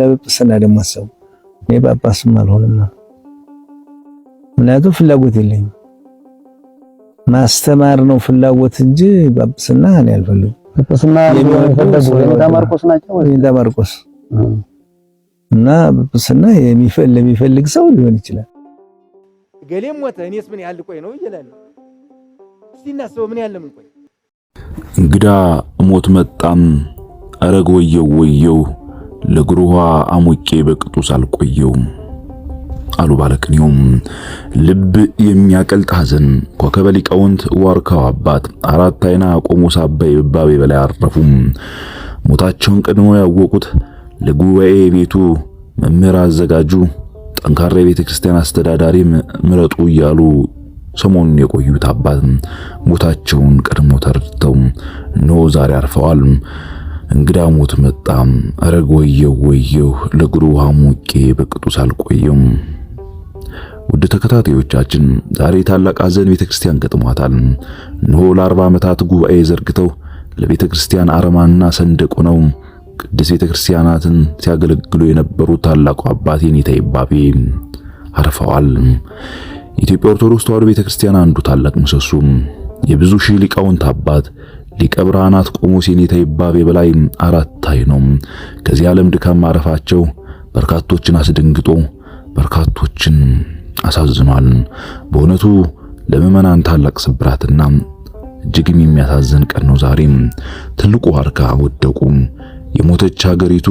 ለጵጵስና ደግሞ አሰቡ። እኔ ጳጳስም አልሆንም፣ ምክንያቱም ፍላጎት የለኝም። ማስተማር ነው ፍላጎት እንጂ ጳጳስና እኔ አልፈልግም። ጳጳስና ማርቆስ እና ጵጵስና ለሚፈልግ ሰው ሊሆን ይችላል። ገሌም ሞተ እኔስ ምን ያህል ቆይ ነው ይላል። እስቲ እናስበው ምን ያህል ምን ቆይ እንግዳ ሞት መጣም አረግ ወየው ወየው ለእግሩ ውሃ አሞቄ በቅጡስ ሳልቆየውም አሉ ባለቅኔውም ልብ የሚያቀልጥ ሐዘን ኮከበ ሊቃውንት ዋርካው አባት አራት አይና ቆሞስ አባይ ይባቤ በላይ አረፉም። ሞታቸውን ቀድሞ ያወቁት ለጉባኤ ቤቱ መምህር አዘጋጁ፣ ጠንካራ የቤተ ክርስቲያን አስተዳዳሪም ምረጡ እያሉ ሰሞኑን የቆዩት አባት ሞታቸውን ቀድሞ ተረድተው ኖ ዛሬ አርፈዋል። እንግዳ ሞት መጣም። እረ ወየው ወየው! ለእግሩ ውሃ ሞቄ በቅጡስ አልቆየም። ውድ ተከታታዮቻችን ዛሬ ታላቅ ሐዘን ቤተክርስቲያን ገጥሟታል። እነሆ ለአርባ ዓመታት ጉባኤ ዘርግተው ለቤተክርስቲያን አርማና ሰንደቅ ሆነው ቅድስት ቤተክርስቲያናትን ሲያገለግሉ የነበሩ ታላቁ አባት የኔታ ይባቤ አርፈዋል። የኢትዮጵያ ኦርቶዶክስ ተዋሕዶ ቤተክርስቲያን አንዱ ታላቅ ምሰሶ፣ የብዙ ሺህ ሊቃውንት አባት ሊቀ ብርሃናት ቆሞስ የኔታ ይባቤ በላይ አራት አይ ነው። ከዚህ ዓለም ድካም ማረፋቸው በርካቶችን አስደንግጦ በርካቶችን አሳዝኗል። በእውነቱ ለምዕመናን ታላቅ ስብራትና እጅግም የሚያሳዝን ቀን ነው። ዛሬም ትልቁ ዋርካ ወደቁ። የሞተች ሀገሪቱ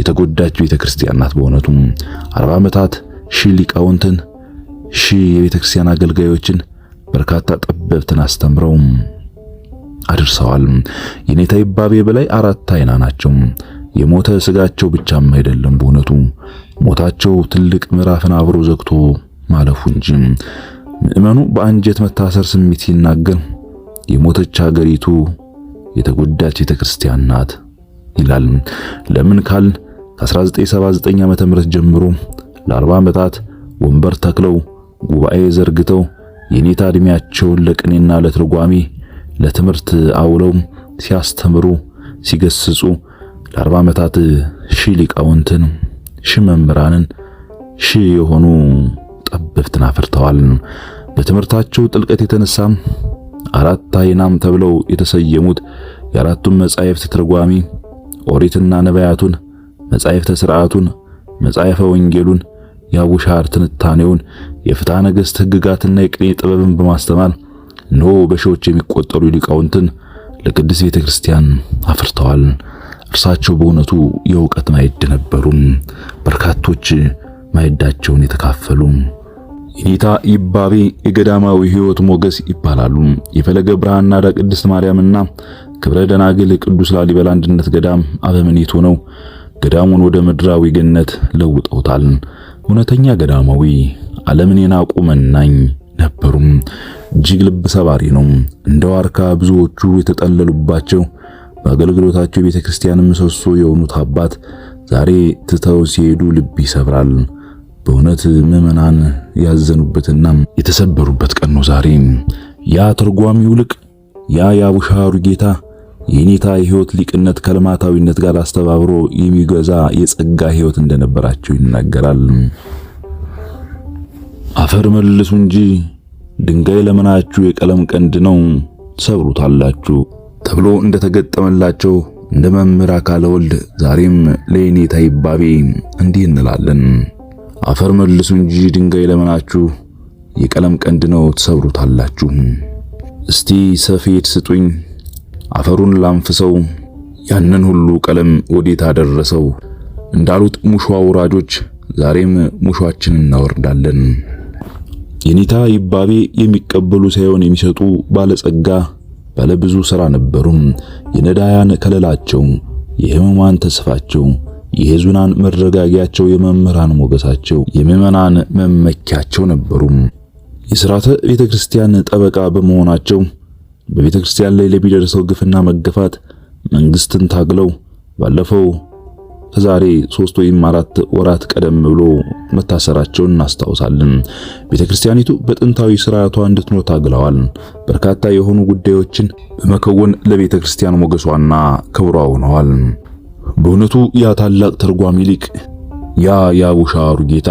የተጎዳች ቤተ ክርስቲያን ናት። በእውነቱ አርባ ዓመታት ሺህ ሊቃውንትን ሺህ የቤተ ክርስቲያን አገልጋዮችን በርካታ ጠበብትን አስተምረው አድርሰዋል። የኔታ ይባቤ በላይ አራት አይና ናቸው። የሞተ ስጋቸው ብቻም አይደለም በእውነቱ ሞታቸው ትልቅ ምዕራፍን አብሮ ዘግቶ ማለፉ እንጂ። ምዕመኑ በአንጀት መታሰር ስሜት ሲናገር የሞተች ሀገሪቱ የተጎዳች ቤተ ክርስቲያን ናት ይላል። ለምን ካል ከ1979 ዓመተ ምህረት ጀምሮ ለ40 ዓመታት ወንበር ተክለው ጉባኤ ዘርግተው የኔታ ዕድሜያቸውን ለቅኔና ለትርጓሜ ለትምህርት አውለው ሲያስተምሩ ሲገስጹ ለአርባ ዓመታት ሺ ሊቃውንትን ሺ መምህራንን ሺ የሆኑ ጠበብትን አፍርተዋል። በትምህርታቸው ጥልቀት የተነሳ አራት አይናም ተብለው የተሰየሙት የአራቱን መጻሕፍት ትርጓሚ ኦሪትና ነቢያቱን፣ መጻሕፍተ ሥርዓቱን፣ መጻሕፈ ወንጌሉን፣ የአቡሻር ትንታኔውን፣ የፍትሐ ነገሥት ሕግጋትና የቅኔ ጥበብን በማስተማር ኖ በሺዎች የሚቆጠሩ ሊቃውንትን ለቅድስት ቤተ ክርስቲያን አፍርተዋል። እርሳቸው በእውነቱ የእውቀት ማዕድ ነበሩም፣ በርካቶች ማዕዳቸውን የተካፈሉ። የኔታ ይባቤ የገዳማዊ ሕይወት ሞገስ ይባላሉ። የፈለገ ብርሃን ቅድስት ማርያምና ክብረ ደናግል ቅዱስ ላሊበላ አንድነት ገዳም አበምኔት ሆነው ገዳሙን ወደ ምድራዊ ገነት ለውጠውታል። እውነተኛ ገዳማዊ ዓለምን የናቁ መናኝ ነበሩም። እጅግ ልብ ሰባሪ ነው። እንደ ዋርካ ብዙዎቹ የተጠለሉባቸው በአገልግሎታቸው የቤተ ክርስቲያን ምሰሶ የሆኑት አባት ዛሬ ትተው ሲሄዱ ልብ ይሰብራል። በእውነት ምዕመናን ያዘኑበትና የተሰበሩበት ቀን ነው ዛሬ። ያ ተርጓሚው ልቅ ያ የአቡሻሩ ጌታ የኔታ የህይወት ሊቅነት ከልማታዊነት ጋር አስተባብሮ የሚገዛ የጸጋ ህይወት እንደነበራቸው ይናገራል። አፈር መልሱ እንጂ ድንጋይ ለምናችሁ የቀለም ቀንድ ነው ሰብሩታላችሁ ተብሎ እንደተገጠመላቸው እንደ መምህር አካለ ወልድ ዛሬም ለኔታ ይባቤ እንዲህ እንላለን። አፈር መልሱ እንጂ ድንጋይ ለምናችሁ የቀለም ቀንድ ነው ትሰብሩታላችሁ። እስቲ ሰፌድ ስጡኝ አፈሩን ላንፍሰው፣ ያንን ሁሉ ቀለም ወዴት አደረሰው? እንዳሉት ሙሾ አውራጆች ዛሬም ሙሾአችንን እናወርዳለን። የኔታ ይባቤ የሚቀበሉ ሳይሆን የሚሰጡ ባለጸጋ ባለብዙ ሥራ ነበሩም። የነዳያን ከለላቸው፣ የህመማን ተስፋቸው፣ የህዙናን መረጋጊያቸው፣ የመምህራን ሞገሳቸው፣ የምዕመናን መመኪያቸው ነበሩም። የሥርዓተ ቤተ ክርስቲያን ጠበቃ በመሆናቸው በቤተ ክርስቲያን ላይ ለሚደርሰው ግፍና መገፋት መንግስትን ታግለው ባለፈው ከዛሬ ሶስት ወይም አራት ወራት ቀደም ብሎ መታሰራቸውን እናስታውሳለን። ቤተክርስቲያኒቱ በጥንታዊ ስርዓቷ እንድትኖር ታግለዋል። በርካታ የሆኑ ጉዳዮችን በመከወን ለቤተክርስቲያን ሞገሷና ክብሯ ሆነዋል። በእውነቱ ያ ታላቅ ተርጓሚ ሊቅ ያ የአቡሻሩ ጌታ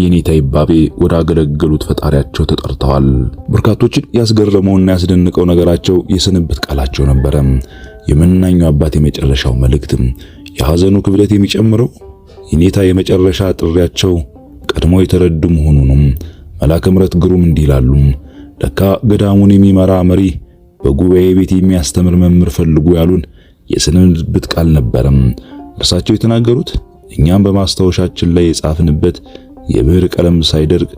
የኔታ ይባቤ ወዳገለገሉት ፈጣሪያቸው ተጠርተዋል። በርካቶችን ያስገረመውና ያስደንቀው ነገራቸው የስንብት ቃላቸው ነበረ። የመናኙ አባት የመጨረሻው መልእክት የሐዘኑ ክብደት የሚጨምረው የኔታ የመጨረሻ ጥሪያቸው ቀድሞ የተረዱ መሆኑንም መላክ ምሕረት ግሩም እንዲህ ይላሉ። ለካ ገዳሙን የሚመራ መሪ በጉባኤ ቤት የሚያስተምር መምህር ፈልጉ ያሉን የስነ ቃል ነበረም። እርሳቸው የተናገሩት እኛም በማስታወሻችን ላይ የጻፍንበት የብዕር ቀለም ሳይደርቅ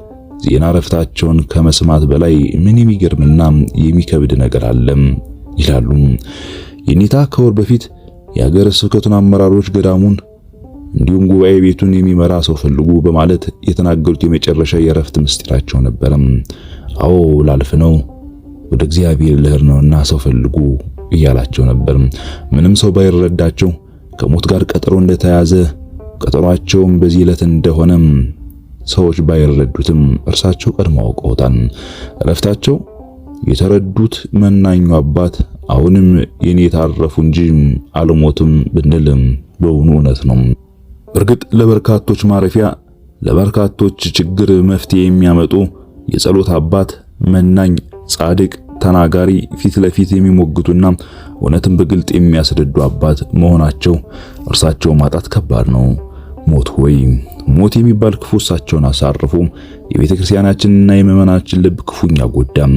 ዜና ረፍታቸውን ከመስማት በላይ ምን የሚገርምና የሚከብድ ነገር አለ ይላሉ። የኔታ ከወር በፊት የሀገረ ስብከቱን አመራሮች ገዳሙን እንዲሁም ጉባኤ ቤቱን የሚመራ ሰው ፈልጉ በማለት የተናገሩት የመጨረሻ የእረፍት ምስጢራቸው ነበረም። አዎ ላልፍ ነው፣ ወደ እግዚአብሔር ልሄድ ነውና ሰው ፈልጉ እያላቸው ነበር። ምንም ሰው ባይረዳቸው ከሞት ጋር ቀጠሮ እንደተያዘ ቀጠሯቸውም በዚህ ዕለት እንደሆነ ሰዎች ባይረዱትም እርሳቸው ቀድሞ አውቀውታል። እረፍታቸው የተረዱት መናኙ አባት አሁንም የኔ ታረፉ እንጂ አልሞትም ብንልም በእውኑ እውነት ነው። እርግጥ ለበርካቶች ማረፊያ፣ ለበርካቶች ችግር መፍትሄ የሚያመጡ የጸሎት አባት፣ መናኝ፣ ጻድቅ፣ ተናጋሪ፣ ፊት ለፊት የሚሞግቱና እውነትን በግልጥ የሚያስረዱ አባት መሆናቸው እርሳቸው ማጣት ከባድ ነው። ሞት ሆይ ሞት የሚባል ክፉ እሳቸውን አሳርፎ የቤተ ክርስቲያናችንና ልብ ክፉኛ ጎዳም።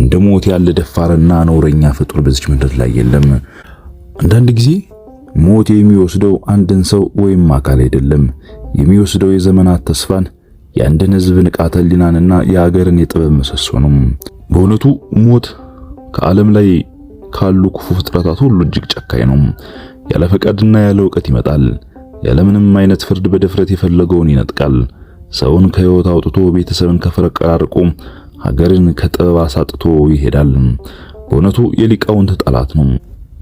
እንደ ሞት ያለ ደፋርና ነውረኛ ፍጡር በዚች ምድር ላይ የለም። አንዳንድ ጊዜ ሞት የሚወስደው አንድን ሰው ወይም አካል አይደለም። የሚወስደው የዘመናት ተስፋን፣ የአንድን ሕዝብ ንቃተ ሕሊናንና የአገርን የጥበብ ምሰሶ ነው። በእውነቱ ሞት ከዓለም ላይ ካሉ ክፉ ፍጥረታት ሁሉ እጅግ ጨካኝ ነው። ያለ ፈቃድና ያለ እውቀት ይመጣል። ያለምንም አይነት ፍርድ በድፍረት የፈለገውን ይነጥቃል። ሰውን ከህይወት አውጥቶ ቤተሰብን ከፍረቀራርቆ ሀገርን ከጥበብ አሳጥቶ ይሄዳል። በእውነቱ የሊቃውንት ጠላት ነው።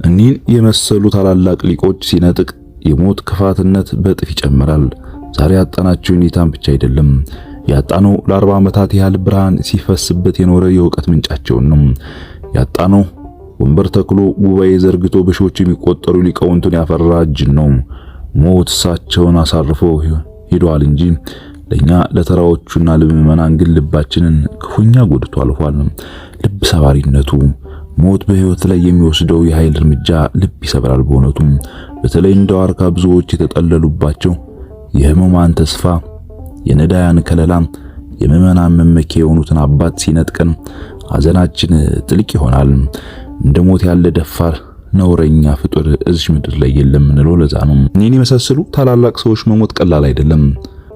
እኒህን የመሰሉ ታላላቅ ሊቆች ሲነጥቅ የሞት ክፋትነት በጥፍ ይጨምራል። ዛሬ ያጣናቸው እኒታን ብቻ አይደለም ያጣነው ለአርባ ዓመታት ያህል ብርሃን ሲፈስበት የኖረ የእውቀት ምንጫቸውን ነው ያጣነው። ወንበር ተክሎ ጉባኤ ዘርግቶ በሺዎች የሚቆጠሩ ሊቃውንቱን ያፈራ እጅን ነው። ሞት እሳቸውን አሳርፎ ሂዷል እንጂ ለኛ ለተራዎቹና ለምዕመናን ግን ልባችንን ክፉኛ ጎድቶ አልፏል። ልብ ሰባሪነቱ ሞት በህይወት ላይ የሚወስደው የኃይል እርምጃ ልብ ይሰብራል። በእውነቱ በተለይ እንደ ዋርካ ብዙዎች የተጠለሉባቸው የህሙማን ተስፋ፣ የነዳያን ከለላ፣ የምዕመናን መመኪያ የሆኑትን አባት ሲነጥቀን ሐዘናችን ጥልቅ ይሆናል። እንደ ሞት ያለ ደፋር ነውረኛ ፍጡር እዚህ ምድር ላይ የለም ምንለው ለዛ ነው። እኔን የመሳሰሉ ታላላቅ ሰዎች መሞት ቀላል አይደለም።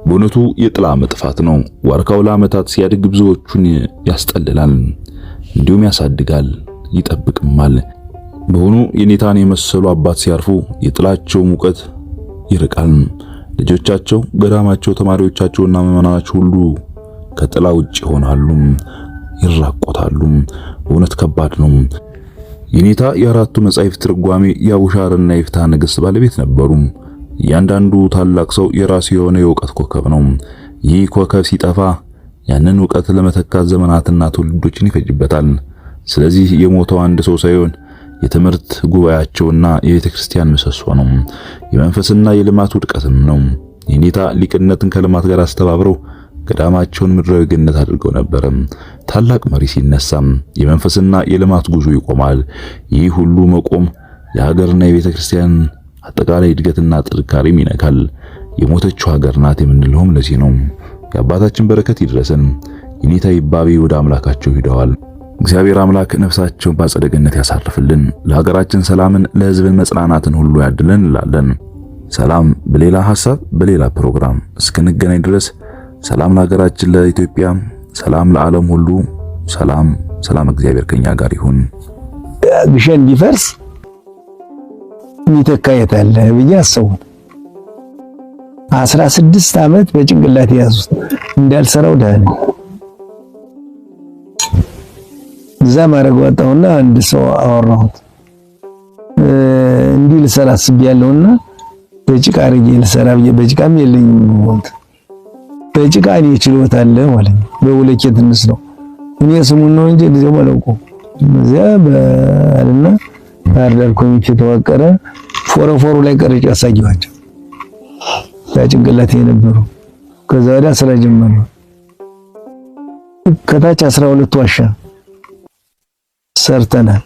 በእውነቱ የጥላ መጥፋት ነው። ዋርካው ለዓመታት ሲያድግ ብዙዎቹን ያስጠልላል፣ እንዲሁም ያሳድጋል፣ ይጠብቅማል። በሆኑ የኔታን የመሰሉ አባት ሲያርፉ የጥላቸው ሙቀት ይርቃል። ልጆቻቸው፣ ገዳማቸው፣ ተማሪዎቻቸውና ምዕመናናቸው ሁሉ ከጥላ ውጭ ይሆናሉ፣ ይራቆታሉ። በእውነት ከባድ ነው። የኔታ የአራቱ መጻሕፍት ትርጓሜ የአቡሻርና የፍትሐ ነገሥት ባለቤት ነበሩ። እያንዳንዱ ታላቅ ሰው የራሱ የሆነ የእውቀት ኮከብ ነው። ይህ ኮከብ ሲጠፋ ያንን እውቀት ለመተካት ዘመናትና ትውልዶችን ይፈጅበታል። ስለዚህ የሞተው አንድ ሰው ሳይሆን የትምህርት ጉባኤያቸውና የቤተ ክርስቲያን ምሰሶ ነው። የመንፈስና የልማት ውድቀትም ነው። የኔታ ሊቅነትን ከልማት ጋር አስተባብረው ገዳማቸውን ምድራዊ ገነት አድርገው ነበር። ታላቅ መሪ ሲነሳም የመንፈስና የልማት ጉዞ ይቆማል። ይህ ሁሉ መቆም የሀገርና የቤተ ክርስቲያን አጠቃላይ እድገትና ጥንካሬም ይነካል። የሞተችው ሀገር ናት የምንለውም ለዚህ ነው። የአባታችን በረከት ይድረሰን። የኔታ ይባቤ ወደ አምላካቸው ሂደዋል። እግዚአብሔር አምላክ ነፍሳቸውን በአጸደ ገነት ያሳርፍልን። ለሀገራችን ሰላምን፣ ለህዝብን መጽናናትን ሁሉ ያድለን እንላለን። ሰላም በሌላ ሐሳብ በሌላ ፕሮግራም እስክንገናኝ ድረስ ሰላም ለሀገራችን ለኢትዮጵያ፣ ሰላም ለዓለም ሁሉ፣ ሰላም ሰላም፣ እግዚአብሔር ከኛ ጋር ይሁን። ግሸን ቢፈርስ የሚተካ የት አለ ብዬ አሰቡ። አስራ ስድስት ዓመት በጭንቅላት የያዙት እንዳልሰራው ዳን እዛ ማድረግ ወጣሁና አንድ ሰው አወራሁት። እንዲህ ልሰራ አስቤያለሁና በጭቃ አድርጌ ልሰራ ብዬ በጭቃም የለኝም ወንት በጭቃ እኔ ችሎታ አለ ማለት ነው። ነው እኔ ስሙን ነው እንጂ ጊዜው መለቆ እዚያ በአልና ባህር ዳር ኮሚቴ ተዋቀረ። ፎረፎሩ ላይ ቀርጭ አሳየኋቸው። ያጭንቅላት የነበሩ ከዛ ወዲያ ስራ ጀመሩ። ከታች አስራ ሁለት ዋሻ ሰርተናል።